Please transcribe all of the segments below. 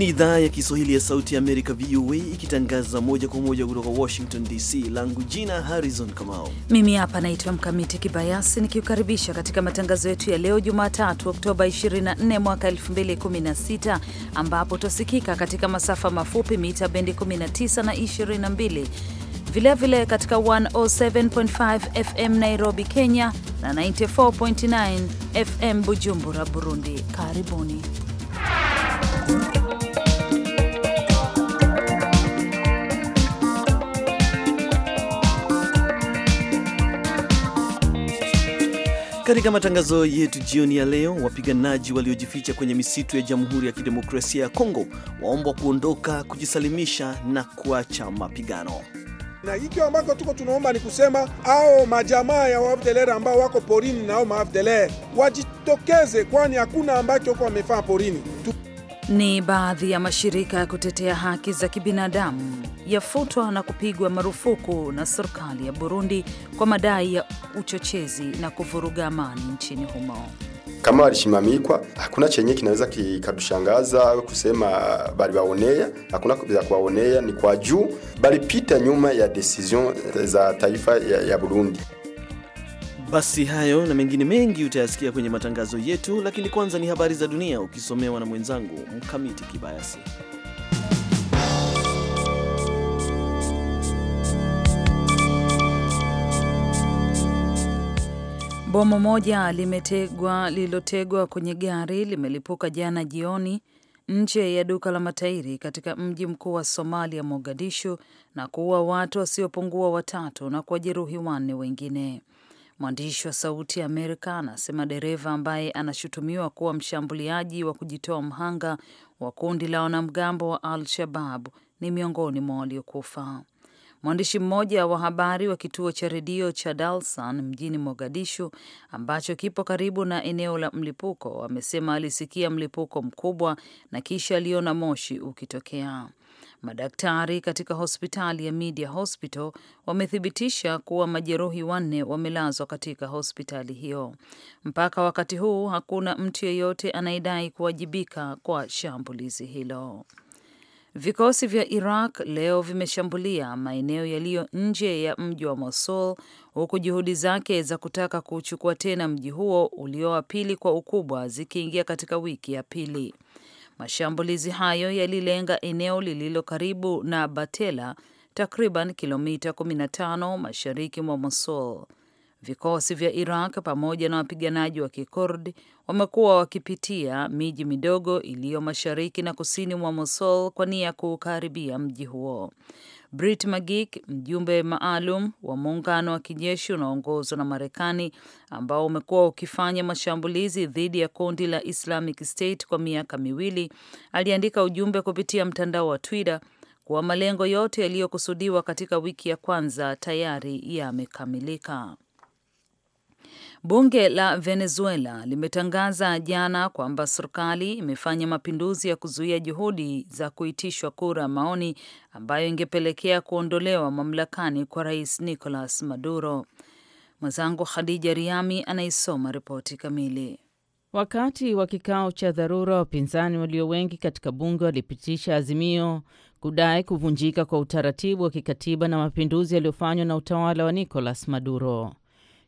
ni idhaa ya Kiswahili ya Sauti ya Amerika, VOA, ikitangaza moja kwa moja kutoka Washington DC. Langu jina Harrison Kamau, mimi hapa naitwa Mkamiti Kibayasi, nikiukaribisha katika matangazo yetu ya leo Jumatatu, Oktoba 24 mwaka 2016, ambapo tutasikika katika masafa mafupi mita bendi 19 na 22 vilevile vile katika 107.5 FM Nairobi, Kenya na 94.9 FM Bujumbura, Burundi. Karibuni. Katika matangazo yetu jioni ya leo, wapiganaji waliojificha kwenye misitu ya Jamhuri ya Kidemokrasia ya Kongo waombwa kuondoka, kujisalimisha na kuacha mapigano. Na hiki ambako tuko tunaomba ni kusema ao majamaa ya waafdeler ambao wako porini na ao wajitokeze, kwani hakuna ambacho wamefaa porini tu ni baadhi ya mashirika ya kutetea haki za kibinadamu yafutwa na kupigwa marufuku na serikali ya Burundi kwa madai ya uchochezi na kuvuruga amani nchini humo. Kama walishimamikwa, hakuna chenye kinaweza kikatushangaza kusema bali waonea, hakuna za kuwaonea, ni kwa juu balipita nyuma ya decision za taifa ya, ya Burundi. Basi hayo na mengine mengi utayasikia kwenye matangazo yetu, lakini kwanza ni habari za dunia ukisomewa na mwenzangu Mkamiti Kibayasi. Bomu moja limetegwa lililotegwa kwenye gari limelipuka jana jioni nje ya duka la matairi katika mji mkuu wa Somalia, Mogadishu, na kuua watu wasiopungua watatu na kuwajeruhi wanne wengine. Mwandishi wa Sauti ya Amerika anasema dereva ambaye anashutumiwa kuwa mshambuliaji wa kujitoa mhanga wa kundi la wanamgambo wa Al Shabab ni miongoni mwa waliokufa. Mwandishi mmoja wa habari wa kituo cha redio cha Dalsan mjini Mogadishu, ambacho kipo karibu na eneo la mlipuko, amesema alisikia mlipuko mkubwa na kisha aliona moshi ukitokea. Madaktari katika hospitali ya Media Hospital wamethibitisha kuwa majeruhi wanne wamelazwa katika hospitali hiyo. Mpaka wakati huu hakuna mtu yeyote anayedai kuwajibika kwa shambulizi hilo. Vikosi vya Iraq leo vimeshambulia maeneo yaliyo nje ya mji wa Mosul huku juhudi zake za kutaka kuuchukua tena mji huo ulio wa pili kwa ukubwa zikiingia katika wiki ya pili. Mashambulizi hayo yalilenga eneo lililo karibu na Batela, takriban kilomita 15 mashariki mwa Mosul. Vikosi vya Iraq pamoja na wapiganaji wa Kikurdi wamekuwa wakipitia miji midogo iliyo mashariki na kusini mwa Mosul kwa nia ya kuukaribia mji huo. Brit Magik, mjumbe maalum wa muungano wa kijeshi unaoongozwa na Marekani ambao umekuwa ukifanya mashambulizi dhidi ya kundi la Islamic State kwa miaka miwili, aliandika ujumbe kupitia mtandao wa Twitter kuwa malengo yote yaliyokusudiwa katika wiki ya kwanza tayari yamekamilika. Bunge la Venezuela limetangaza jana kwamba serikali imefanya mapinduzi ya kuzuia juhudi za kuitishwa kura maoni ambayo ingepelekea kuondolewa mamlakani kwa Rais Nicolas Maduro. Mwenzangu Khadija Riami anaisoma ripoti kamili. Wakati wa kikao cha dharura, wapinzani walio wengi katika bunge walipitisha azimio kudai kuvunjika kwa utaratibu wa kikatiba na mapinduzi yaliyofanywa na utawala wa Nicolas Maduro.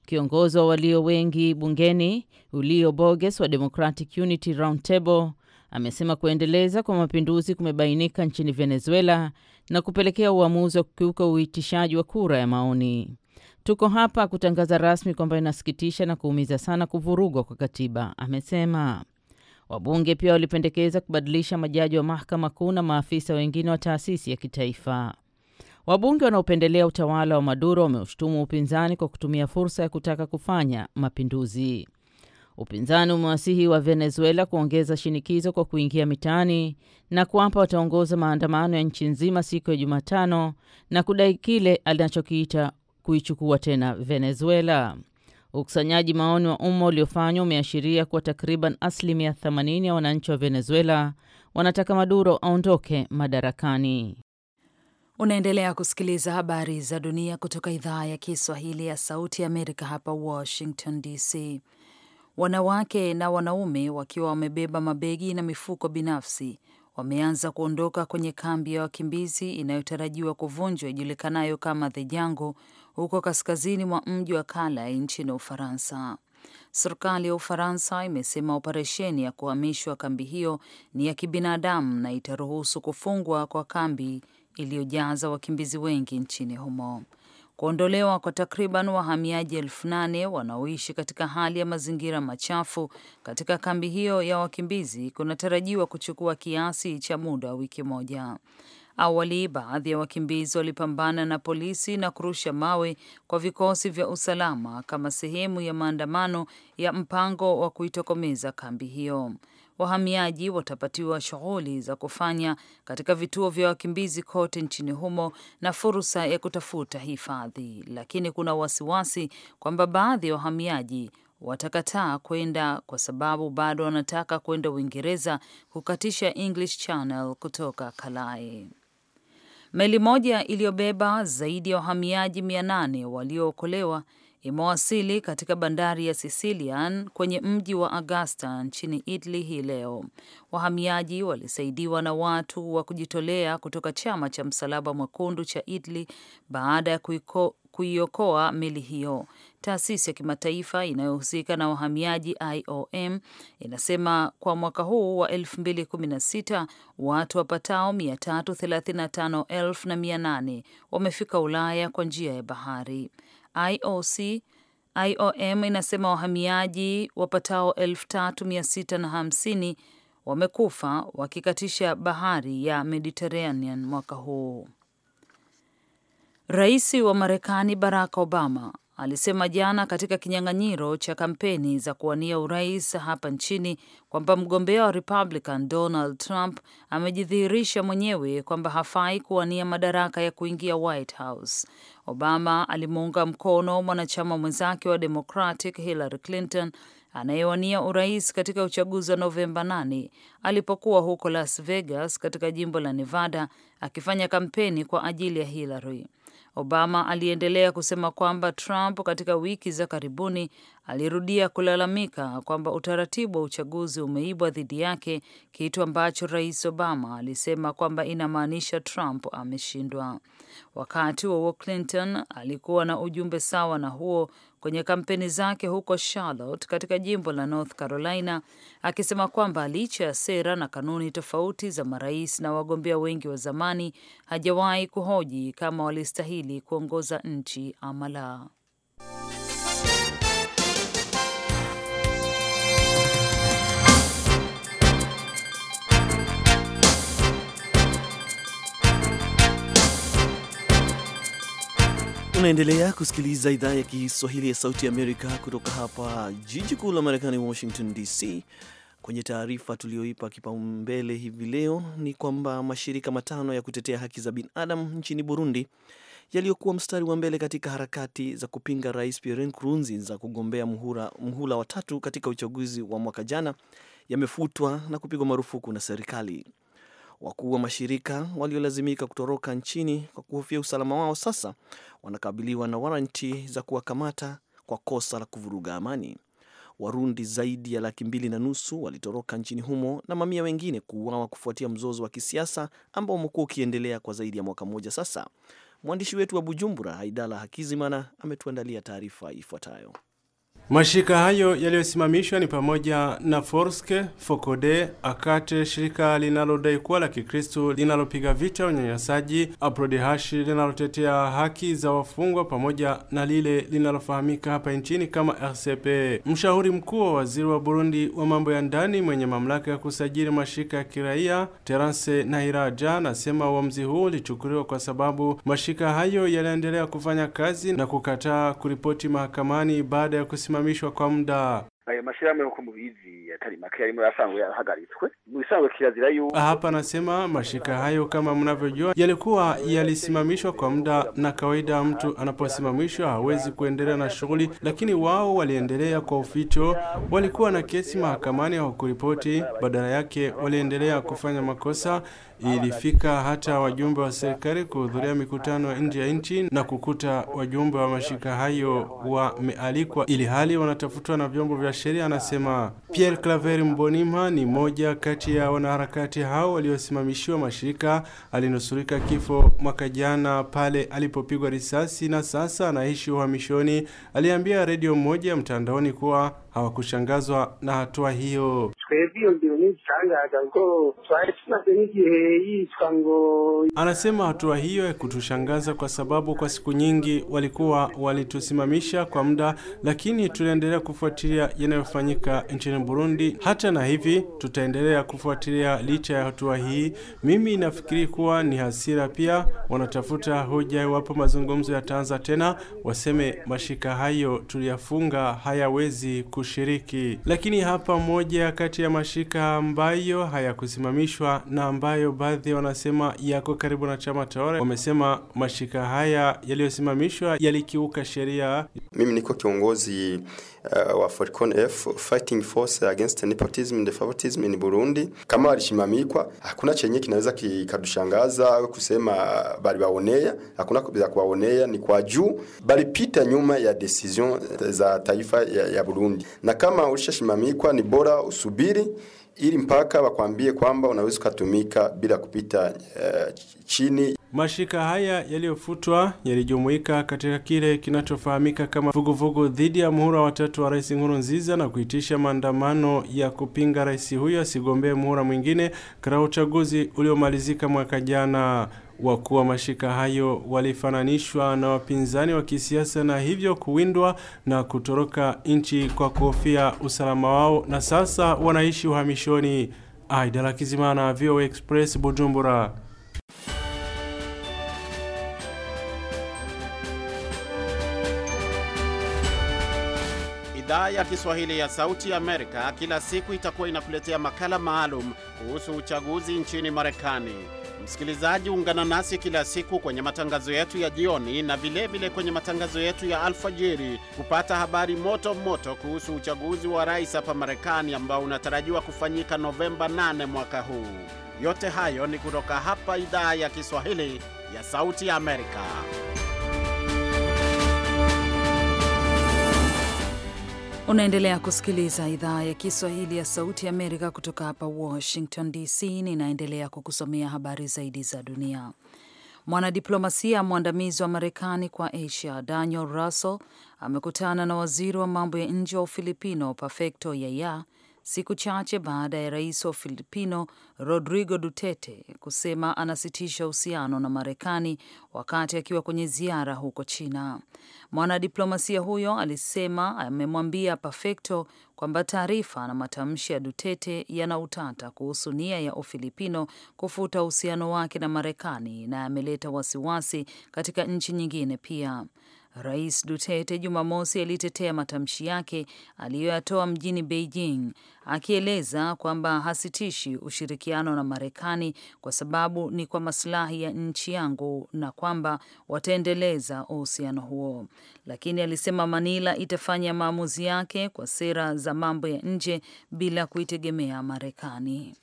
Kiongozi wa walio wengi bungeni ulio Borges wa Democratic Unity Roundtable amesema kuendeleza kwa mapinduzi kumebainika nchini Venezuela na kupelekea uamuzi wa kukiuka uitishaji wa kura ya maoni. Tuko hapa kutangaza rasmi kwamba inasikitisha na kuumiza sana kuvurugwa kwa katiba, amesema. Wabunge pia walipendekeza kubadilisha majaji wa mahakama kuu na maafisa wengine wa taasisi ya kitaifa. Wabunge wanaopendelea utawala wa Maduro wameushutumu upinzani kwa kutumia fursa ya kutaka kufanya mapinduzi. Upinzani umewasihi wa Venezuela kuongeza shinikizo kwa kuingia mitaani na kuapa wataongoza maandamano ya nchi nzima siku ya Jumatano na kudai kile alinachokiita kuichukua tena Venezuela. Ukusanyaji maoni wa umma uliofanywa umeashiria kuwa takriban asilimia 80 ya wananchi wa Venezuela wanataka Maduro aondoke madarakani. Unaendelea kusikiliza habari za dunia kutoka idhaa ya Kiswahili ya Sauti ya Amerika, hapa Washington DC. Wanawake na wanaume wakiwa wamebeba mabegi na mifuko binafsi wameanza kuondoka kwenye kambi ya wakimbizi inayotarajiwa kuvunjwa ijulikanayo kama The Jango huko kaskazini mwa mji wa Calais nchini Ufaransa. Serikali ya Ufaransa imesema operesheni ya kuhamishwa kambi hiyo ni ya kibinadamu na itaruhusu kufungwa kwa kambi iliyojaza wakimbizi wengi nchini humo. Kuondolewa kwa takriban wahamiaji elfu nane wanaoishi katika hali ya mazingira machafu katika kambi hiyo ya wakimbizi kunatarajiwa kuchukua kiasi cha muda wa wiki moja. Awali baadhi ya wakimbizi walipambana na polisi na kurusha mawe kwa vikosi vya usalama kama sehemu ya maandamano ya mpango wa kuitokomeza kambi hiyo wahamiaji watapatiwa shughuli za kufanya katika vituo vya wakimbizi kote nchini humo na fursa ya kutafuta hifadhi, lakini kuna wasiwasi kwamba baadhi ya wahamiaji watakataa kwenda kwa sababu bado wanataka kwenda Uingereza kukatisha English Channel kutoka kalae Meli moja iliyobeba zaidi ya wahamiaji mia nane waliookolewa imewasili katika bandari ya Sicilian kwenye mji wa Augusta nchini Italy hii leo. Wahamiaji walisaidiwa na watu wa kujitolea kutoka chama cha Msalaba Mwekundu cha Italy baada ya kuiko kuiokoa meli hiyo. Taasisi ya kimataifa inayohusika na wahamiaji IOM inasema kwa mwaka huu wa 2016 watu wapatao 335,800 wamefika Ulaya kwa njia ya bahari. IOC IOM inasema wahamiaji wapatao 3650 wamekufa wakikatisha bahari ya Mediterranean mwaka huu. Rais wa Marekani Barack Obama alisema jana katika kinyang'anyiro cha kampeni za kuwania urais hapa nchini kwamba mgombea wa Republican Donald Trump amejidhihirisha mwenyewe kwamba hafai kuwania madaraka ya kuingia White House. Obama alimuunga mkono mwanachama mwenzake wa Democratic Hillary Clinton anayewania urais katika uchaguzi wa Novemba 8 alipokuwa huko Las Vegas katika jimbo la Nevada akifanya kampeni kwa ajili ya Hillary. Obama aliendelea kusema kwamba Trump katika wiki za karibuni alirudia kulalamika kwamba utaratibu wa uchaguzi umeibwa dhidi yake, kitu ambacho Rais Obama alisema kwamba inamaanisha Trump ameshindwa. Wakati wa huo Clinton alikuwa na ujumbe sawa na huo kwenye kampeni zake huko Charlotte katika jimbo la North Carolina, akisema kwamba licha ya sera na kanuni tofauti za marais na wagombea wengi wa zamani, hajawahi kuhoji kama walistahili kuongoza nchi ama la. Unaendelea kusikiliza idhaa ya Kiswahili ya Sauti Amerika kutoka hapa jiji kuu la Marekani, Washington DC. Kwenye taarifa tuliyoipa kipaumbele hivi leo ni kwamba mashirika matano ya kutetea haki za binadamu nchini Burundi yaliyokuwa mstari wa mbele katika harakati za kupinga Rais Pierre Nkurunziza kugombea mhula, mhula watatu katika uchaguzi wa mwaka jana yamefutwa na kupigwa marufuku na serikali. Wakuu wa mashirika waliolazimika kutoroka nchini kwa kuhofia usalama wao sasa wanakabiliwa na waranti za kuwakamata kwa kosa la kuvuruga amani. Warundi zaidi ya laki mbili na nusu walitoroka nchini humo na mamia wengine kuuawa kufuatia mzozo wa kisiasa ambao umekuwa ukiendelea kwa zaidi ya mwaka mmoja sasa. Mwandishi wetu wa Bujumbura, Haidala Hakizimana, ametuandalia taarifa ifuatayo. Mashirika hayo yaliyosimamishwa ni pamoja na Forske, Fokode, Akate, shirika linalodai kuwa la Kikristo linalopiga vita unyanyasaji, Aprodehash linalotetea haki za wafungwa, pamoja na lile linalofahamika hapa nchini kama RCP. Mshauri mkuu wa waziri wa Burundi wa mambo ya ndani mwenye mamlaka ya kusajili mashirika ya kiraia Terence Nahiraja anasema uamuzi huu ulichukuliwa kwa sababu mashirika hayo yanaendelea kufanya kazi na kukataa kuripoti mahakamani baada ya kusimamishwa kusimamishwa kwa muda ayo mashirahamwe yuko mubizi atari make yarimo yasanzwe yahagaritswe mwisanzwe kirazira yuko hapa nasema mashirika hayo kama mnavyojua yalikuwa yalisimamishwa kwa muda na kawaida mtu anaposimamishwa hawezi kuendelea na shughuli lakini wao waliendelea kwa uficho walikuwa na kesi mahakamani au kuripoti badala yake waliendelea kufanya makosa Ilifika hata wajumbe wa serikali kuhudhuria mikutano ya nje ya nchi na kukuta wajumbe wa mashirika hayo wamealikwa ili hali wanatafutwa na vyombo vya sheria, anasema Pierre Claver Mbonima. Ni mmoja kati ya wanaharakati hao waliosimamishiwa mashirika, alinusurika kifo mwaka jana pale alipopigwa risasi na sasa anaishi uhamishoni. Aliambia redio moja mtandaoni kuwa hawakushangazwa na hatua hiyo. Kwa hivyo igitangaza kuko twari Anasema hatua hiyo ya kutushangaza kwa sababu kwa siku nyingi walikuwa walitusimamisha kwa muda, lakini tunaendelea kufuatilia yanayofanyika nchini Burundi. Hata na hivi tutaendelea kufuatilia licha ya hatua hii. Mimi nafikiri kuwa ni hasira pia, wanatafuta hoja iwapo mazungumzo yataanza tena, waseme mashirika hayo tuliyafunga hayawezi kushiriki, lakini hapa moja kati ya mashirika ambayo hayakusimamishwa na ambayo baadhi wanasema yako karibu na chama tawala. Wamesema mashirika haya yaliyosimamishwa yalikiuka sheria. Mimi niko kiongozi uh, wa Falcon f fighting force against nepotism and favoritism in Burundi. Kama walishimamikwa, hakuna chenye kinaweza kikadushangaza kusema uh, bali baonea, hakuna kubiza kuwaonea, ni kwa juu balipita nyuma ya decision za taifa ya, ya Burundi, na kama ulishashimamikwa ni bora usubiri ili mpaka wakwambie kwamba unaweza kutumika bila kupita uh, chini Mashirika haya yaliyofutwa yalijumuika katika kile kinachofahamika kama vuguvugu dhidi ya muhula watatu wa Rais Nkurunziza na kuitisha maandamano ya kupinga rais huyo asigombee muhula mwingine katika uchaguzi uliomalizika mwaka jana. Wakuu wa mashirika hayo walifananishwa na wapinzani wa kisiasa na hivyo kuwindwa na kutoroka nchi kwa kuhofia usalama wao, na sasa wanaishi uhamishoni. Aidala Kizimana, VOA Express, Bujumbura. Idhaa ya Kiswahili ya Sauti Amerika kila siku itakuwa inakuletea makala maalum kuhusu uchaguzi nchini Marekani. Msikilizaji, ungana nasi kila siku kwenye matangazo yetu ya jioni na vilevile vile kwenye matangazo yetu ya alfajiri kupata habari moto moto kuhusu uchaguzi wa rais hapa Marekani ambao unatarajiwa kufanyika Novemba 8 mwaka huu. Yote hayo ni kutoka hapa Idhaa ya Kiswahili ya Sauti Amerika. Unaendelea kusikiliza idhaa ya Kiswahili ya Sauti ya Amerika kutoka hapa Washington DC. Ninaendelea kukusomea habari zaidi za dunia. Mwanadiplomasia mwandamizi wa Marekani kwa Asia Daniel Russell amekutana na waziri wa mambo ya nje wa Ufilipino Perfecto Yaya siku chache baada ya rais wa Filipino Rodrigo Duterte kusema anasitisha uhusiano na Marekani wakati akiwa kwenye ziara huko China. Mwanadiplomasia huyo alisema amemwambia Perfecto kwamba taarifa na matamshi ya Duterte yana utata kuhusu nia ya Ufilipino kufuta uhusiano wake na Marekani na yameleta wasiwasi katika nchi nyingine pia. Rais Duterte Jumamosi alitetea matamshi yake aliyoyatoa mjini Beijing, akieleza kwamba hasitishi ushirikiano na Marekani kwa sababu ni kwa masilahi ya nchi yangu na kwamba wataendeleza uhusiano huo, lakini alisema Manila itafanya maamuzi yake kwa sera za mambo ya nje bila kuitegemea Marekani.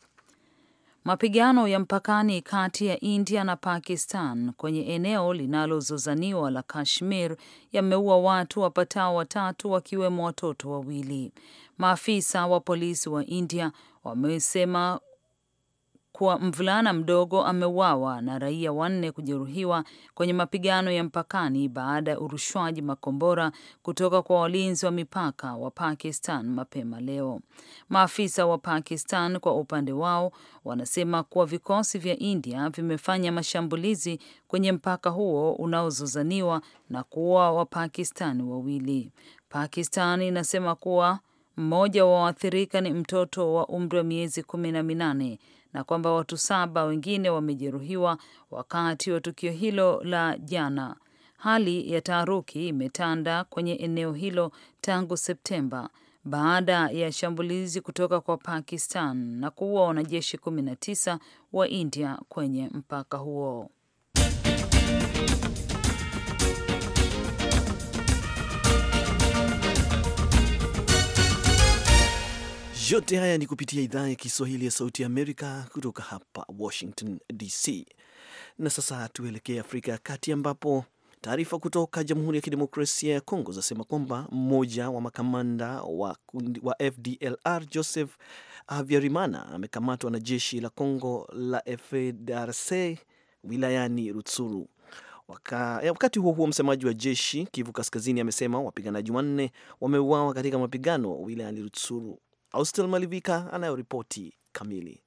Mapigano ya mpakani kati ya India na Pakistan kwenye eneo linalozozaniwa la Kashmir yameua watu wapatao watatu wakiwemo watoto wawili. Maafisa wa polisi wa India wamesema kuwa mvulana mdogo ameuawa na raia wanne kujeruhiwa kwenye mapigano ya mpakani baada ya urushwaji makombora kutoka kwa walinzi wa mipaka wa Pakistan mapema leo. Maafisa wa Pakistan kwa upande wao wanasema kuwa vikosi vya India vimefanya mashambulizi kwenye mpaka huo unaozozaniwa na kuua Wapakistani wawili. Pakistan inasema kuwa mmoja wa waathirika ni mtoto wa umri wa miezi kumi na minane na kwamba watu saba wengine wamejeruhiwa wakati wa tukio hilo la jana. Hali ya taharuki imetanda kwenye eneo hilo tangu Septemba baada ya shambulizi kutoka kwa Pakistan na kuua wanajeshi 19 wa India kwenye mpaka huo. Yote haya ni kupitia idhaa ya Kiswahili ya Sauti Amerika kutoka hapa Washington DC. Na sasa tuelekee Afrika ya Kati, ambapo taarifa kutoka Jamhuri ya Kidemokrasia ya Kongo zasema kwamba mmoja wa makamanda wa, wa FDLR Joseph Avyarimana amekamatwa na jeshi la Kongo la fdrc wilayani Rutsuru. Waka, wakati huo huo msemaji wa jeshi Kivu Kaskazini amesema wapiganaji wanne wameuawa katika mapigano wilayani Rutsuru. Austel Malivika anayoripoti kamili.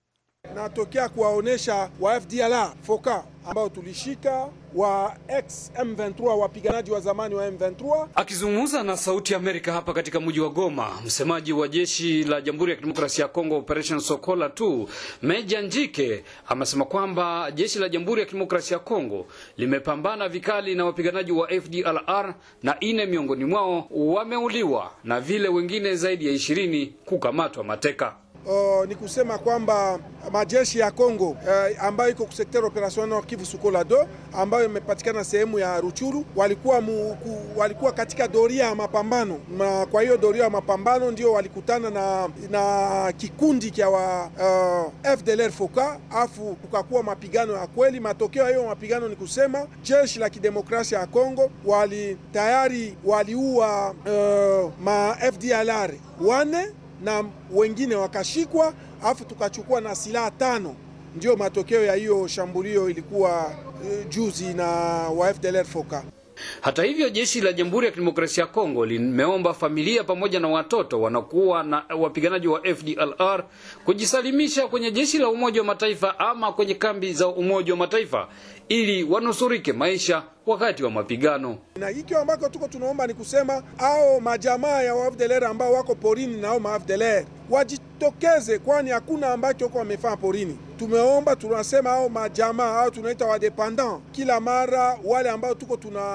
Natokea kuwaonesha wa FDLR foka ambao tulishika wa ex M23 wapiganaji wa zamani wa M23. Akizungumza na Sauti ya Amerika hapa katika mji wa Goma, msemaji wa jeshi la Jamhuri ya Kidemokrasia ya Kongo Operation Sokola 2 Meja Njike amesema kwamba jeshi la Jamhuri ya Kidemokrasia ya Kongo limepambana vikali na wapiganaji wa FDLR na ine miongoni mwao wameuliwa na vile wengine zaidi ya ishirini kukamatwa mateka uh, ni kusema kwamba majeshi ya Kongo uh, ambayo iko kusekter operation Nord Kivu Sukola 2 ambayo imepatikana sehemu ya Ruchuru walikuwa, mu, ku, walikuwa katika doria ya mapambano na kwa hiyo doria ya mapambano ndio walikutana na, na kikundi cha wa uh, eh, FDLR Foka, afu kukakuwa mapigano ya kweli. Matokeo hayo mapigano ni kusema jeshi la kidemokrasia ya Kongo wali tayari waliua uh, ma FDLR wane na wengine wakashikwa, alafu tukachukua na silaha tano. ndio matokeo ya hiyo shambulio ilikuwa eh, juzi na wa FDLR Foka. Hata hivyo jeshi la Jamhuri ya Kidemokrasia ya Kongo limeomba familia pamoja na watoto wanakuwa na wapiganaji wa FDLR kujisalimisha kwenye jeshi la Umoja wa Mataifa ama kwenye kambi za Umoja wa Mataifa ili wanusurike maisha wakati wa mapigano. Na hiki ambako tuko tunaomba ni kusema ao majamaa ya waafdeler ambao wako porini na ao maafdeler wajitokeze, kwani hakuna ambacho huko wamefaa porini. Tumeomba, tunasema ao majamaa au tunaita wadependant, kila mara wale ambao tuko tuna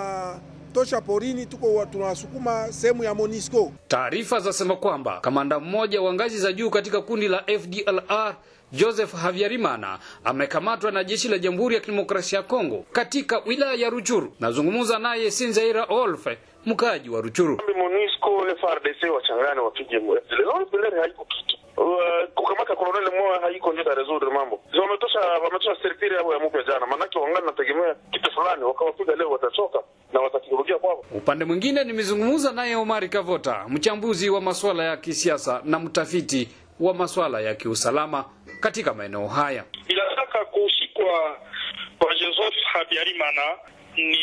kutosha porini, tuko tunawasukuma sehemu ya Monisco. Taarifa zasema kwamba kamanda mmoja wa ngazi za juu katika kundi la FDLR Joseph Havyarimana amekamatwa na jeshi la Jamhuri ya Kidemokrasia ya Kongo katika wilaya ya Ruchuru. Nazungumza naye Sinzaira Olfe, mkaaji wa Ruchuru. Monisco, FARDC wachangane wapige haiko kitu Uh, kukamata koloneli mmoja haiko ndio tarezuri mambo wametosha, wametosha serikali yao ya mpya jana, maanake wangani nategemea kitu fulani, wakawapiga leo watachoka na watakirudia kwao. Upande mwingine, nimezungumza naye Omari Kavota, mchambuzi wa masuala ya kisiasa na mtafiti wa masuala ya kiusalama katika maeneo haya. Bila shaka kushikwa kwa Joseph Habyarimana ni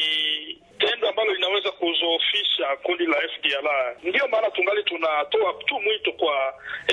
tendo ambalo linaweza kuzoofisha kundi la FDLR. Ndiyo maana tungali tunatoa tu mwito kwa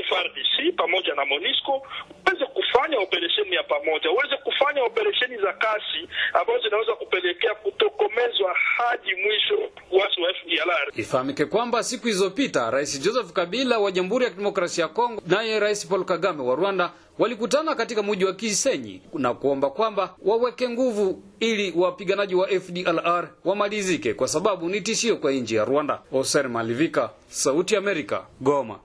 FRDC pamoja na MONUSCO uweze kufanya operesheni ya pamoja, uweze kufanya operesheni za kasi ambazo zinaweza kupelekea kutokomezwa hadi mwisho waasi wa FDLR. Ifahamike kwamba siku hizopita Rais Joseph Kabila wa Jamhuri ya Kidemokrasia ya Kongo naye Rais Paul Kagame wa Rwanda walikutana katika mji wa Kisenyi na kuomba kwamba waweke nguvu ili wapiganaji wa FDLR wamalizike kwa sababu ni tishio kwa nchi ya Rwanda. Oser Malivika, Sauti Amerika, Goma.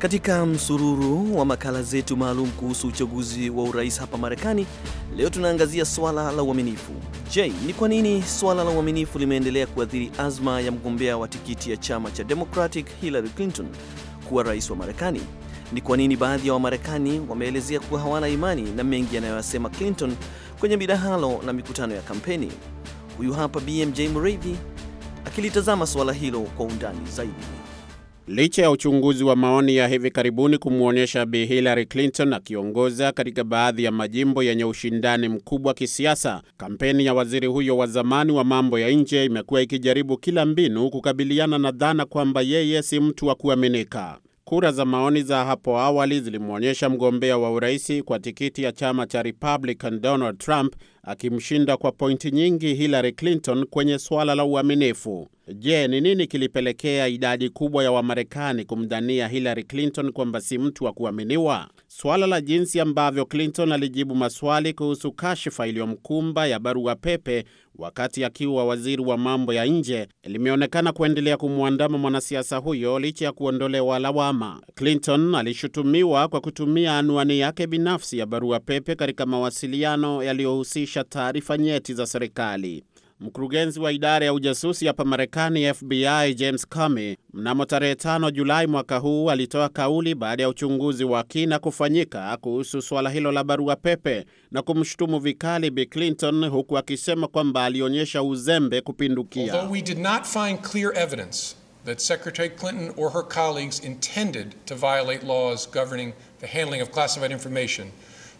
Katika msururu wa makala zetu maalum kuhusu uchaguzi wa urais hapa Marekani, leo tunaangazia swala la uaminifu. Je, ni kwa nini swala la uaminifu limeendelea kuathiri azma ya mgombea wa tikiti ya chama cha Democratic Hillary Clinton kuwa rais wa Marekani? Ni kwa nini baadhi ya Wamarekani wameelezea kuwa hawana imani na mengi yanayoyasema Clinton kwenye midahalo na mikutano ya kampeni? Huyu hapa BMJ Muriithi akilitazama suala hilo kwa undani zaidi. Licha ya uchunguzi wa maoni ya hivi karibuni kumwonyesha Bi Hillary Clinton akiongoza katika baadhi ya majimbo yenye ushindani mkubwa kisiasa, kampeni ya waziri huyo wa zamani wa mambo ya nje imekuwa ikijaribu kila mbinu kukabiliana na dhana kwamba yeye si mtu wa kuaminika. Kura za maoni za hapo awali zilimwonyesha mgombea wa uraisi kwa tikiti ya chama cha Republican Donald Trump akimshinda kwa pointi nyingi Hillary Clinton kwenye suala la uaminifu. Je, ni nini kilipelekea idadi kubwa ya Wamarekani kumdhania Hillary Clinton kwamba si mtu wa kuaminiwa? Swala la jinsi ambavyo Clinton alijibu maswali kuhusu kashfa iliyomkumba ya barua pepe wakati akiwa waziri wa mambo ya nje limeonekana kuendelea kumwandama mwanasiasa huyo licha ya kuondolewa lawama. Clinton alishutumiwa kwa kutumia anwani yake binafsi ya barua pepe katika mawasiliano yaliyohusisha taarifa nyeti za serikali. Mkurugenzi wa idara ya ujasusi hapa Marekani, FBI, James Comey, mnamo tarehe 5 Julai mwaka huu alitoa kauli baada ya uchunguzi wa kina kufanyika kuhusu suala hilo la barua pepe na kumshutumu vikali Bi Clinton, huku akisema kwamba alionyesha uzembe kupindukia.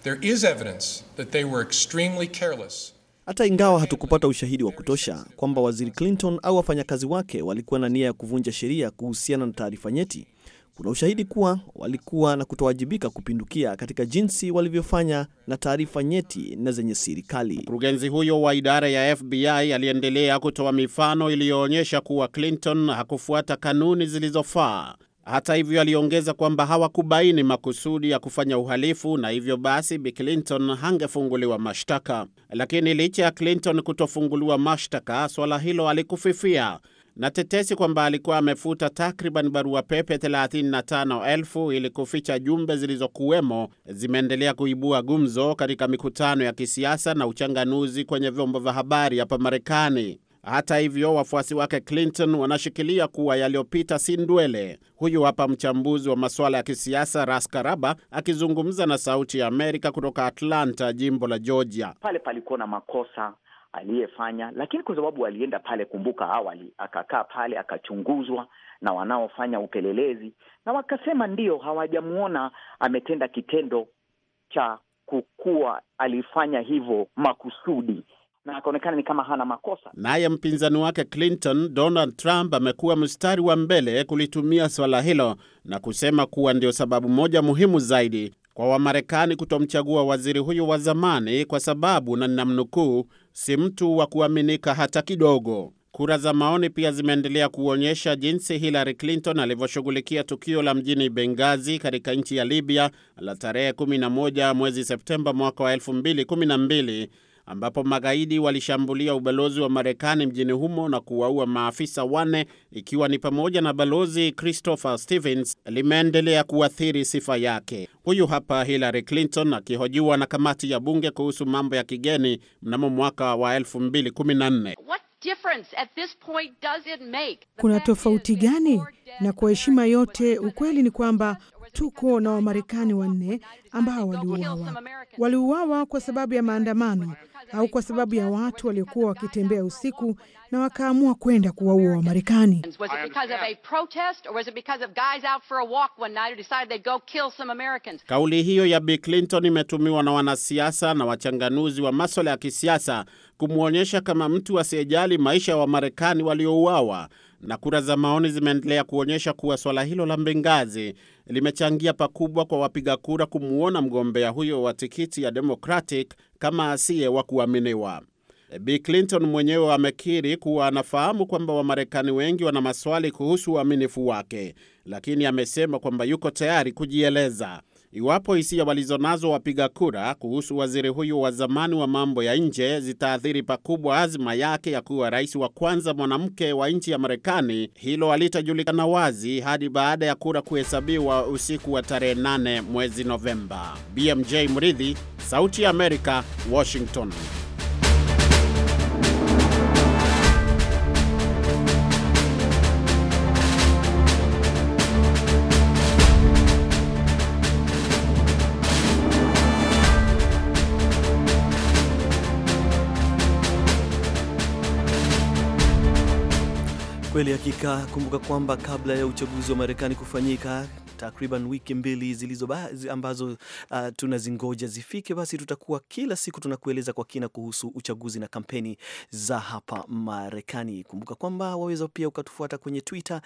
There is evidence that they were extremely careless. Hata ingawa hatukupata ushahidi wa kutosha kwamba waziri Clinton au wafanyakazi wake walikuwa na nia ya kuvunja sheria kuhusiana na taarifa nyeti, kuna ushahidi kuwa walikuwa na kutowajibika kupindukia katika jinsi walivyofanya na taarifa nyeti na zenye siri kali. Mkurugenzi huyo wa idara ya FBI aliendelea kutoa mifano iliyoonyesha kuwa Clinton hakufuata kanuni zilizofaa hata hivyo, aliongeza kwamba hawakubaini makusudi ya kufanya uhalifu na hivyo basi Bi Clinton hangefunguliwa mashtaka. Lakini licha ya Clinton kutofunguliwa mashtaka, swala hilo alikufifia na tetesi kwamba alikuwa amefuta takriban barua pepe 35,000 ili kuficha jumbe zilizokuwemo zimeendelea kuibua gumzo katika mikutano ya kisiasa na uchanganuzi kwenye vyombo vya habari hapa Marekani. Hata hivyo, wafuasi wake Clinton wanashikilia kuwa yaliyopita si ndwele. Huyu hapa mchambuzi wa masuala ya kisiasa Ras Karaba akizungumza na Sauti ya Amerika kutoka Atlanta, jimbo la Georgia. Pale palikuwa na makosa aliyefanya, lakini kwa sababu alienda pale, kumbuka awali, akakaa pale akachunguzwa na wanaofanya upelelezi, na wakasema ndio hawajamwona ametenda kitendo cha kukuwa alifanya hivyo makusudi na akaonekana ni kama hana makosa. Naye mpinzani wake Clinton, Donald Trump amekuwa mstari wa mbele kulitumia swala hilo na kusema kuwa ndio sababu moja muhimu zaidi kwa Wamarekani kutomchagua waziri huyo wa zamani kwa sababu, na ninamnukuu, si mtu wa kuaminika hata kidogo. Kura za maoni pia zimeendelea kuonyesha jinsi Hillary Clinton alivyoshughulikia tukio la mjini Benghazi katika nchi ya Libya la tarehe 11 mwezi Septemba mwaka wa 2012 ambapo magaidi walishambulia ubalozi wa Marekani mjini humo na kuwaua maafisa wanne ikiwa ni pamoja na balozi Christopher Stevens, limeendelea kuathiri sifa yake. Huyu hapa Hillary Clinton akihojiwa na kamati ya bunge kuhusu mambo ya kigeni mnamo mwaka wa 2014. Kuna tofauti gani? Na kwa heshima yote, ukweli ni kwamba tuko na Wamarekani wanne ambao waliuawa. Waliuawa kwa sababu ya maandamano au kwa sababu ya watu waliokuwa wakitembea usiku na wakaamua kwenda kuwaua Wamarekani. Kauli hiyo ya Bi Clinton imetumiwa na wanasiasa na wachanganuzi wa maswala ya kisiasa kumwonyesha kama mtu asiyejali maisha ya wa Wamarekani waliouawa, na kura za maoni zimeendelea kuonyesha kuwa swala hilo la mbingazi limechangia pakubwa kwa wapiga kura kumwona mgombea huyo wa tikiti ya Democratic kama asiye wa kuaminiwa. Bi Clinton mwenyewe amekiri kuwa anafahamu kwamba Wamarekani wengi wana maswali kuhusu uaminifu wake, lakini amesema kwamba yuko tayari kujieleza iwapo hisia walizonazo wapiga kura kuhusu waziri huyu wa zamani wa mambo ya nje zitaathiri pakubwa azma yake ya kuwa rais wa kwanza mwanamke wa nchi ya Marekani, hilo halitajulikana wazi hadi baada ya kura kuhesabiwa usiku wa tarehe 8 mwezi Novemba. BMJ Mridhi, Sauti ya Amerika, Washington. kweli hakika. Kumbuka kwamba kabla ya uchaguzi wa Marekani kufanyika takriban wiki mbili zilizo ambazo uh, tunazingoja zifike, basi tutakuwa kila siku tunakueleza kwa kina kuhusu uchaguzi na kampeni za hapa Marekani. Kumbuka kwamba waweza pia ukatufuata kwenye Twitter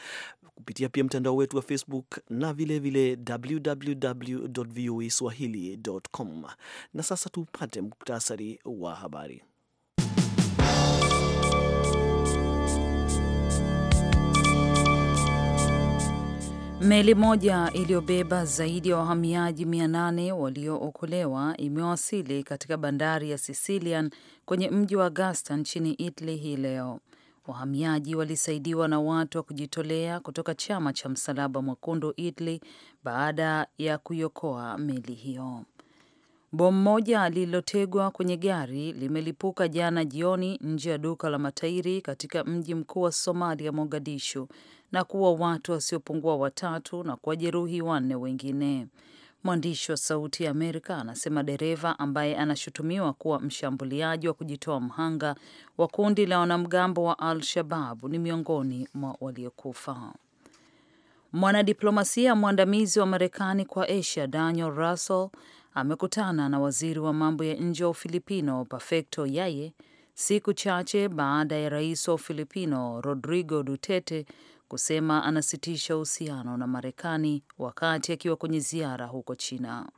kupitia pia mtandao wetu wa Facebook na vilevile www.voaswahili.com. Na sasa tupate muktasari wa habari. Meli moja iliyobeba zaidi ya wahamiaji 800 waliookolewa imewasili katika bandari ya Sicilian kwenye mji wa gasta nchini Italy hii leo. Wahamiaji walisaidiwa na watu wa kujitolea kutoka chama cha Msalaba Mwekundu Italy baada ya kuiokoa meli hiyo. Bomu moja lililotegwa kwenye gari limelipuka jana jioni nje ya duka la matairi katika mji mkuu wa Somalia, Mogadishu, na kuwa watu wasiopungua watatu na kuwajeruhi wanne wengine. Mwandishi wa Sauti ya Amerika anasema dereva ambaye anashutumiwa kuwa mshambuliaji wa kujitoa mhanga wa kundi la wanamgambo wa Al shabab ni miongoni mwa waliokufa. Mwanadiplomasia mwandamizi wa Marekani kwa Asia Daniel Russell amekutana na waziri wa mambo ya nje wa Ufilipino Perfecto Yaye siku chache baada ya rais wa Ufilipino Rodrigo Duterte kusema anasitisha uhusiano na Marekani wakati akiwa kwenye ziara huko China.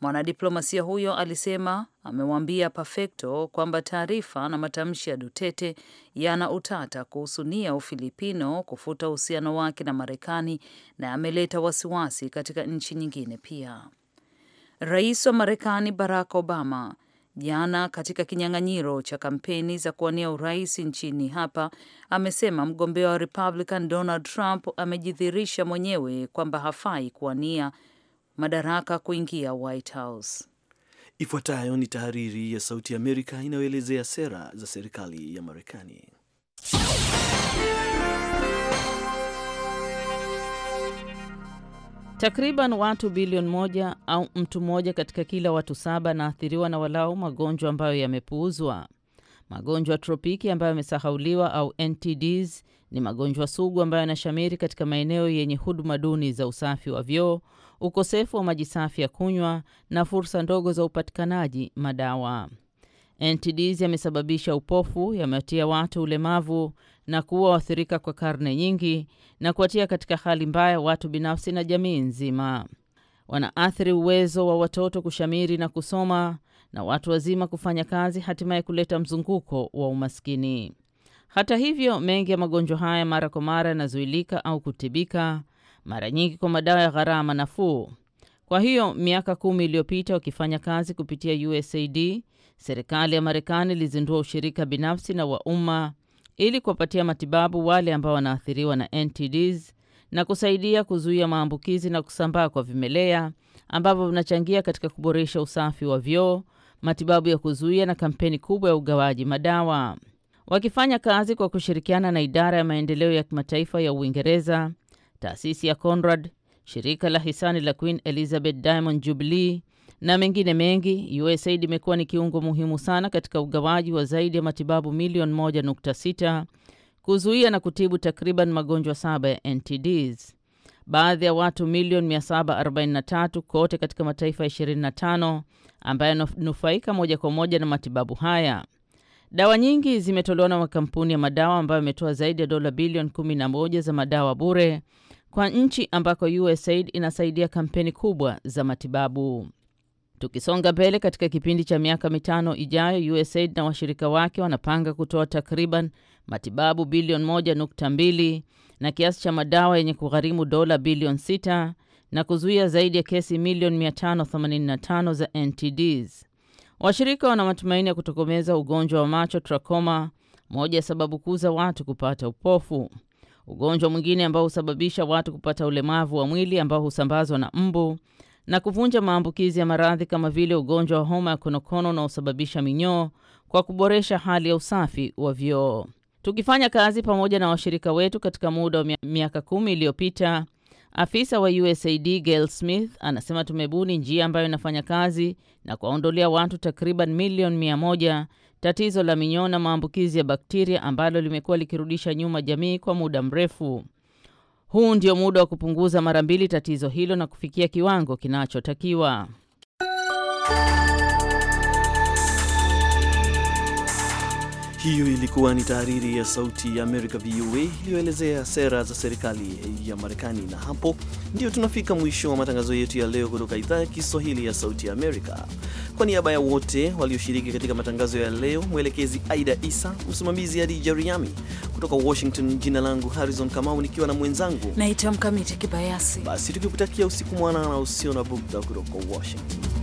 Mwanadiplomasia huyo alisema amewaambia Perfecto kwamba taarifa na matamshi ya Duterte yana utata kuhusu nia ya Ufilipino kufuta uhusiano wake na Marekani na ameleta wasiwasi katika nchi nyingine pia. Rais wa Marekani Barack Obama jana katika kinyang'anyiro cha kampeni za kuwania urais nchini hapa, amesema mgombea wa Republican Donald Trump amejidhirisha mwenyewe kwamba hafai kuwania madaraka kuingia White House. Ifuatayo ni tahariri ya Sauti ya Amerika inayoelezea sera za serikali ya Marekani. Takriban watu bilioni moja au mtu mmoja katika kila watu saba anaathiriwa na walau magonjwa ambayo yamepuuzwa. Magonjwa tropiki ambayo yamesahauliwa au NTDs ni magonjwa sugu ambayo yanashamiri katika maeneo yenye huduma duni za usafi wa vyoo, ukosefu wa maji safi ya kunywa na fursa ndogo za upatikanaji madawa. NTDs yamesababisha upofu, yamewatia watu ulemavu na kuwa waathirika kwa karne nyingi na kuwatia katika hali mbaya watu binafsi na jamii nzima. Wanaathiri uwezo wa watoto kushamiri na kusoma na watu wazima kufanya kazi, hatimaye kuleta mzunguko wa umaskini. Hata hivyo, mengi ya magonjwa haya mara kwa mara yanazuilika au kutibika, mara nyingi kwa madawa ya gharama nafuu. Kwa hiyo miaka kumi iliyopita wakifanya kazi kupitia USAID Serikali ya Marekani ilizindua ushirika binafsi na wa umma ili kuwapatia matibabu wale ambao wanaathiriwa na NTDs na kusaidia kuzuia maambukizi na kusambaa kwa vimelea ambavyo vinachangia katika kuboresha usafi wa vyoo, matibabu ya kuzuia na kampeni kubwa ya ugawaji madawa. Wakifanya kazi kwa kushirikiana na idara ya maendeleo ya kimataifa ya Uingereza, taasisi ya Conrad, shirika la hisani la Queen Elizabeth Diamond Jubilee na mengine mengi. USAID imekuwa ni kiungo muhimu sana katika ugawaji wa zaidi ya matibabu milioni 1.6 kuzuia na kutibu takriban magonjwa saba ya NTDs. Baadhi ya watu milioni 743 kote katika mataifa 25 ambayo yananufaika moja kwa moja na matibabu haya. Dawa nyingi zimetolewa na makampuni ya madawa ambayo yametoa zaidi ya dola bilioni 11 za madawa bure kwa nchi ambako USAID inasaidia kampeni kubwa za matibabu. Tukisonga mbele katika kipindi cha miaka mitano ijayo, USAID na washirika wake wanapanga kutoa takriban matibabu bilioni 1.2 na kiasi cha madawa yenye kugharimu dola bilioni 6 na kuzuia zaidi ya kesi milioni 585 za NTDs. Washirika wana matumaini ya kutokomeza ugonjwa wa macho trachoma, moja ya sababu kuu za watu kupata upofu. Ugonjwa mwingine ambao husababisha watu kupata ulemavu wa mwili ambao husambazwa na mbu na kuvunja maambukizi ya maradhi kama vile ugonjwa wa homa ya konokono unaosababisha minyoo kwa kuboresha hali ya usafi wa vyoo. Tukifanya kazi pamoja na washirika wetu katika muda wa miaka kumi iliyopita, afisa wa USAID Gail Smith anasema tumebuni njia ambayo inafanya kazi na kuwaondolea watu takriban milioni mia moja tatizo la minyoo na maambukizi ya bakteria ambalo limekuwa likirudisha nyuma jamii kwa muda mrefu. Huu ndio muda wa kupunguza mara mbili tatizo hilo na kufikia kiwango kinachotakiwa. Hiyo ilikuwa ni tahariri ya Sauti ya Amerika, VOA, iliyoelezea sera za serikali ya Marekani. Na hapo ndio tunafika mwisho wa matangazo yetu ya leo kutoka idhaa ya Kiswahili ya Sauti ya Amerika. Kwa niaba ya wote walioshiriki katika matangazo ya leo, mwelekezi Aida Isa, msimamizi hadi jeriami kutoka Washington, jina langu Harrison Kamau nikiwa na mwenzangu naitwa Mkamiti Kibayasi, basi tukikutakia usiku mwanana usio na bughudha kutoka Washington.